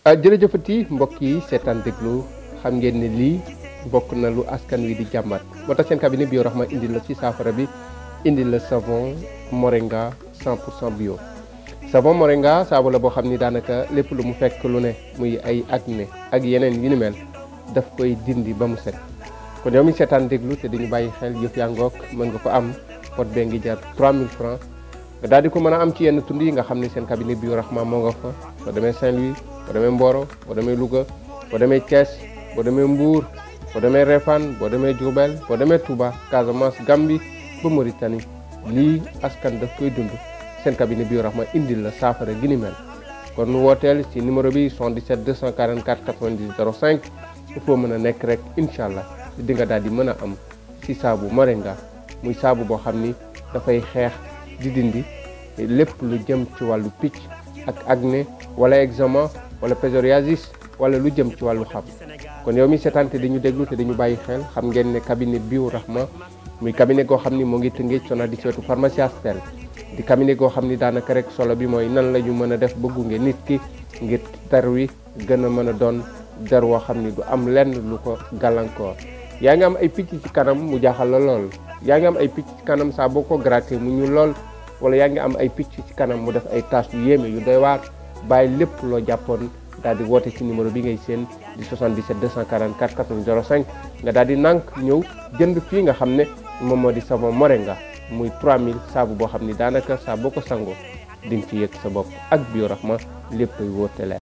Ah, jërëjëfati mbokk yi seetaan déglu xam ngeen ne lii bokk na lu askan wi di jàmmat moo tax seen cabinet bio rahma indi la ci saafara bi indi la savon moringa 100 pour cent bio savon moringa saabu la boo xam ni daanaka lépp lu mu fekk lu ne muy ay acné ak yeneen yu ni mel daf koy dindi ba mu set kon yow mi seetaan déglu te dañu bàyyi xel yëf yaa ngoog mën nga ko am pot bee ngi jar 3000 francs nga daal di ko mën a am ci yenn tund yi nga xam ne seen cabinet bio rahma moo nga fa soo demee Saint-Louis boo demee Mboro boo demee Louga boo demee Thiès boo demee Mbour boo demee Refane boo demee Diourbel boo demee Touba Casamance Gambie ba Mauritanie lii askan daf koy dund seen cabinet ma indil la saafara gi ni mel kon wooteel ci numéro bi 77 244 90 05 il faut mën a nekk rek incha allah di nga daal di mën a am ci saabu moringa muy saabu boo xam ni dafay xeex di dindi lépp lu jëm ci wàllu picc ak acné wala eczéma wala psoriasis wala lu jëm ci wàllu xam kon yow mi seetaan te dañu déglu te dañu bàyyi xel xam ngeen ne cabinet rax ma muy cabinet goo xam ni moo ngi tëngee Sonacos di wetu pharmacie di cabinet goo xam ni daanaka rek solo bi mooy nan la ñu mën a def bëggu nge nit ki ngir ter wi gën a mën a doon der woo xam ni du am lenn lu ko gàllankoor yaa ngi am ay picc ci kanam mu jaaxal la lool yaa ngi am ay picc ci kanam saa boo ko gratter mu ñu lool wala yaa ngi am ay picc kanam mu def ay taches yu yéeme yu doy waar bàyyi lépp loo jàppoon daal di woote ci numéro bi ngay seen di 77 244 80 05 nga daal di nànk ñëw jënd fii nga xam ne moom moo di savon moringa muy 3000 saabu boo xam ni daanaka saa boo ko sangoo di nga ci yëg sa bopp ak biorahma léppay woote